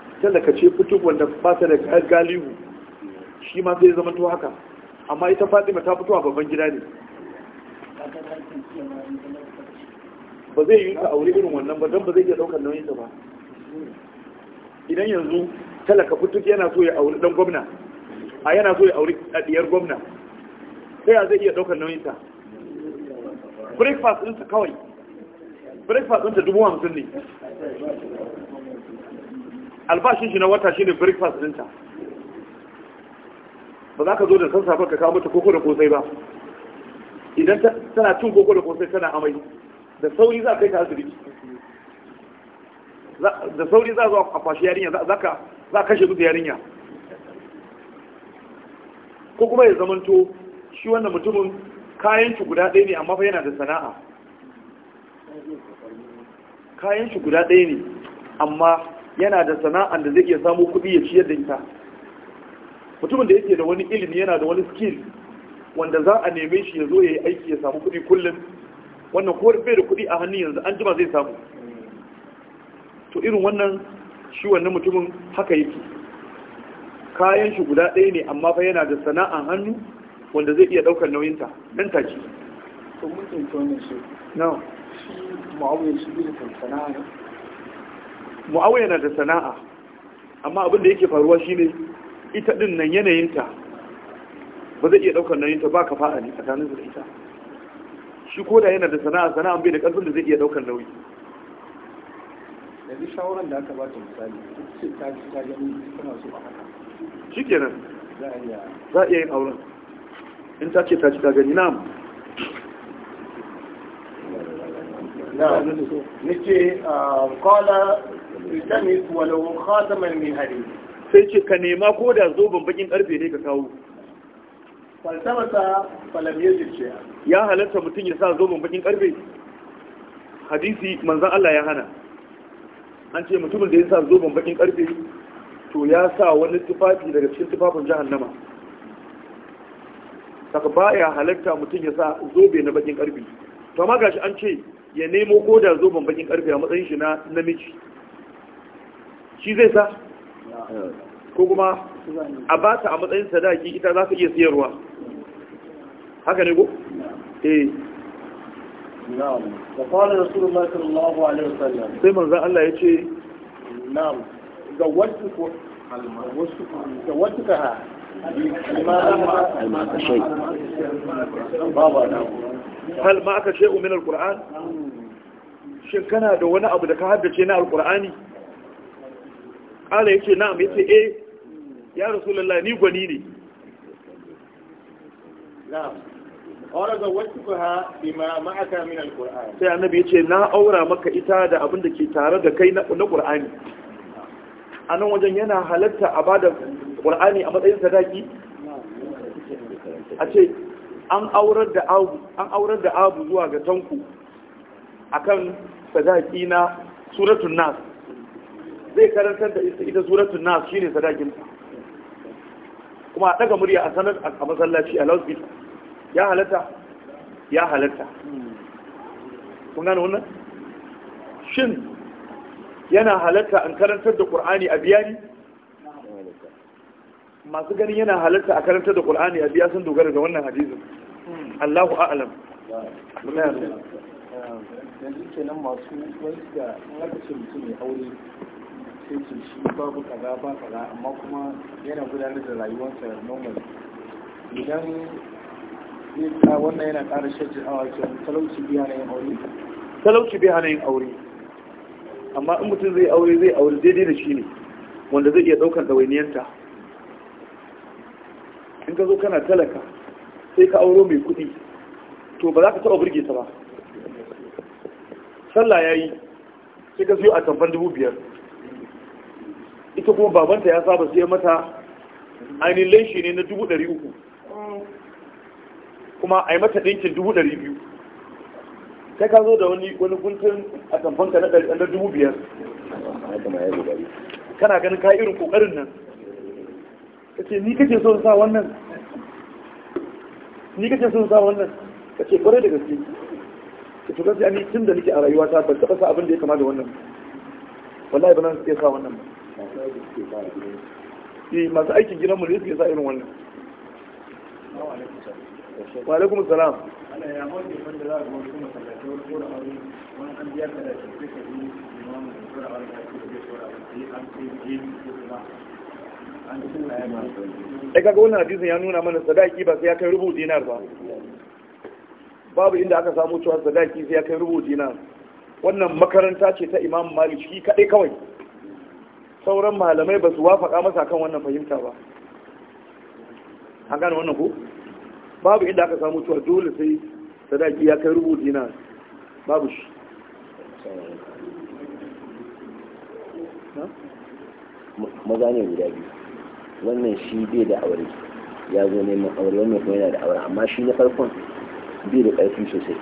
talaka ce fito wanda ba ta da galihu shi ma zai zama to haka amma ita fatima ta fito a babban gida ne ba zai yi ta aure irin wannan ba don ba zai iya daukar nauyin ta ba idan yanzu talaka fituk yana so ya aure dan gwamna a yana so ya aure a diyar gwamna sai ya zai iya daukar nauyin ta breakfast ɗinsa kawai breakfast ɗinsa dubu hamsin ne albashin shi na wata shi ne breakfast ɗinta ba za ka zo da sassafe ka kawo mata koko da kosai ba idan tana cin koko da kosai tana amai da sauri za ka yi ta asibiti da sauri za a zo a kwashe yarinya za ka kashe duk yarinya ko kuma ya zamanto shi wannan mutumin kayan shi guda ɗaya ne amma fa yana da sana'a kayan shi guda ɗaya ne amma yana da sana'an da zai iya samu kudi ya ciyar da ita mutumin da yake da wani ilimi yana da wani skill wanda za a neme shi ya zo ya yi aiki ya samu kuɗi kullum wannan ko bai da kuɗi a hannun yanzu an jima zai samu to irin wannan shi wannan mutumin haka yake kayan shi guda ɗaya ne amma fa yana da sana'an hannu wanda zai iya ɗaukar nauyinta nan take to mutum to ne shi na ma'awuyar shi bi da sana'a mu'awiya na da sana'a amma abin da yake faruwa shine ita din nan yanayinta ba zai iya daukar nauyinta ba ka fara ne tsakanin da ita shi ko da yana da sana'a sana'a bai da karfin da zai iya daukar nauyi yanzu shawaran da aka ta misali ce ta ji ta gani tana so a haka shi kenan za a iya yin auren in ta ce ta ji ta gani na'am na'am nace ah, qala iltamis walau khataman min hadid sai ce ka nema ko da zoben bakin karfe ne ka kawo falsafata falam yajid ya halatta mutum ya sa zoben bakin karfe hadisi manzan Allah ya hana an ce mutumin da ya sa zoben bakin karfe to ya sa wani tufafi daga cikin tufafin jahannama saka baya halatta mutum ya sa zobe na bakin karfe to amma gashi an ce ya nemo ko da zoben bakin karfe a matsayin shi na namiji shi zai sa ko kuma a ba ta a matsayin sadaki ita za ta iya siyarwa haka ne ko? eh na'am da rasulullah sallallahu alaihi wasallam sai manzan Allah ya ce na'am ga wacce ko ga wacce ka hal ma aka shai'u min alkur'an shin kana da wani abu da ka haddace na alkur'ani ƙala ya ce na ya ce eh ya rasulullah ni gwani ne sai annabi ya ce na aura maka ita da abin da ke tare da kai na ƙur'ani a nan wajen yana halatta a ba da ƙur'ani a matsayin sadaki a ce an aurar da abu zuwa ga tanku akan sadaki na suratun nasu zai karantar da ita suratun nas shine sadakin kuma a daga murya a sanar a masallaci a lausbit ya halatta ya halatta kun gane wannan shin yana halatta an karantar da qur'ani a biya ne? masu ganin yana halatta a karantar da qur'ani a biya sun dogara da wannan hadisin Allahu a'lam yanzu kenan masu wani da ce mutum ya aure sai shi babu kaza ba kaza amma kuma yana gudanar da rayuwarsa normal idan ta wannan yana ƙara shaji a wakil talauci biya na yin aure talauci biya na yin aure amma in mutum zai aure zai aure daidai da shi ne wanda zai iya ɗaukar ɗawainiyarta in ka zo kana talaka sai ka auro mai kuɗi to ba za ka taɓa burge ta ba sallah ya yi sai ka siyo a tamfan dubu biyar ita kuma babanta ya saba siya mata ainihin laishi ne na dubu ɗari uku kuma a yi mata ɗinkin dubu ɗari biyu sai ka zo da wani wani guntun a tamfanka na ɗari na dubu biyar kana ganin ka irin ƙoƙarin nan ka ce ni kake son sa wannan ni kake son sa wannan ka ce kwarai da gaske ka ce gaskiya ni tun da nake a rayuwata ban taɓa sa abin da ya kama da wannan wallahi ba nan suke sa wannan ba Eh, masu aikin gina mu ne suke sa irin wannan wa alaikum salam ai eh, kaga wannan hadisin ya nuna mana sadaki ba sai ya kai rubu dinar ba babu inda aka samu cewa sadaki sai ya kai rubu dinar wannan makaranta ce ta imam malik shi kadai kawai sauran malamai ba su wafaka masa kan wannan fahimta ba a gane wannan ku? babu inda aka samu cewa dole sai sadaki ya kai rubu dinar babu shi maza ne guda biyu wannan shi bai da aure ya zo neman aure wannan kuma yana da aure amma shi na farkon bai da ƙarfi sosai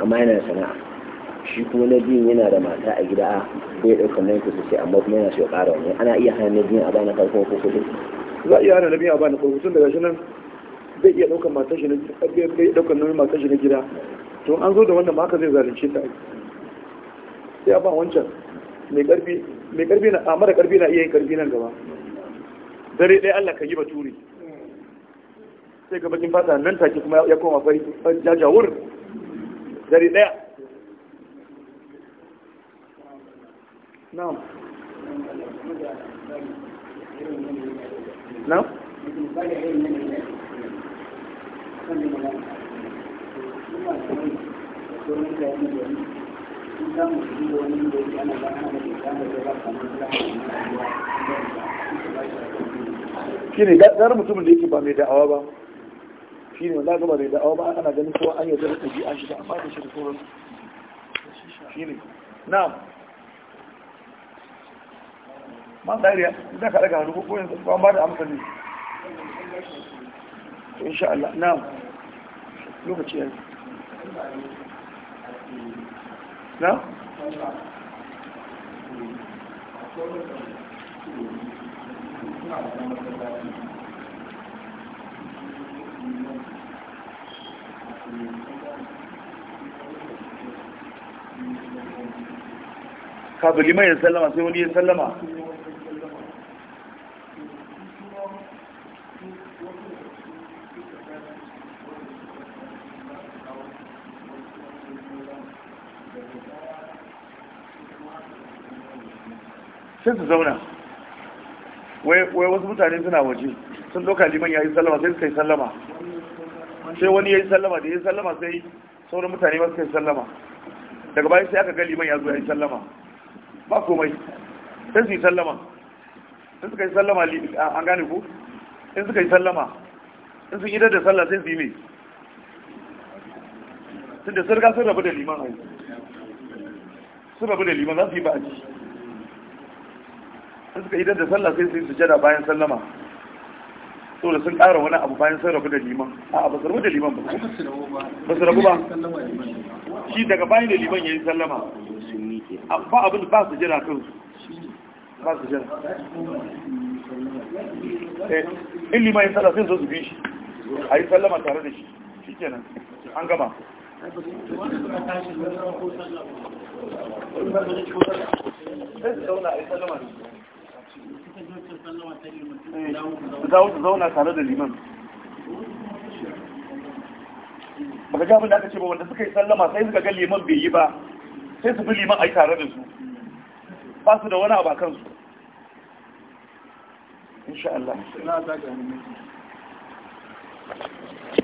amma yana da sana'a shi kuma na biyun yana da mata a gida bai ɗaukar nan ku sai amma kuma yana so ya ƙara wani ana iya hana na biyun a bana farko ko kuɗi za a iya hana na biyun a bana farko tun daga shi nan bai iya ɗaukar matar shi na ɗaukar matar shi na gida to an zo da wannan ma haka zai zalunce ta sai a ba wancan mai ƙarfi mai ƙarfi na a mara ƙarfi na iya yin ƙarfi nan gaba dare ɗaya Allah ka yi baturi sai ka bakin fata nan take kuma ya koma fari jajawur dare ɗaya na'am na'am shi ne gaɗar mutumin da yake ba mai da'awa ba shi ne wanda gaba mai da'awa ba ana ganin kowa an yi zarafi shi da amma da shi da sauran shi ne na'am ma tsariya idan ka daga hannu ko su ba da amsa ne to insha Allah na lokaci yanzu na Thank you. kafin liman ya sallama sai wani ya sallama sai su zauna wai wasu mutane suna waje sun doka liman ya yi sallama sai suka yi sallama sai wani ya yi sallama da ya yi sallama sai sauran mutane ba suka yi sallama daga bayan sai aka ga liman ya zo ya yi sallama ba komai sai su yi sallama in suka yi sallama an gane ku in suka yi sallama in sun idar da sallah sai su yi mai tun da sarga sun rabu da liman yi sun rabu da liman za su yi ba a ji in suka idar da sallah sai su yi sujada bayan sallama da sun ƙara wani abu bayan sun rabu da liman a ba su rabu da liman ba ba su rabu ba shi daga bayan da liman ya yi sallama ba abin da ba su jira kansu ba su jira eh illi mai sallah sai zo su bi shi a yi sallama tare da shi shi an gama sai su zauna a yi sallama eh, su zauna tare da liman baka ga abin da aka ce ba wanda suka yi sallama sai suka ga liman bai yi ba sai su fi liman a yi tare da su ba su da wani abu a kansu insha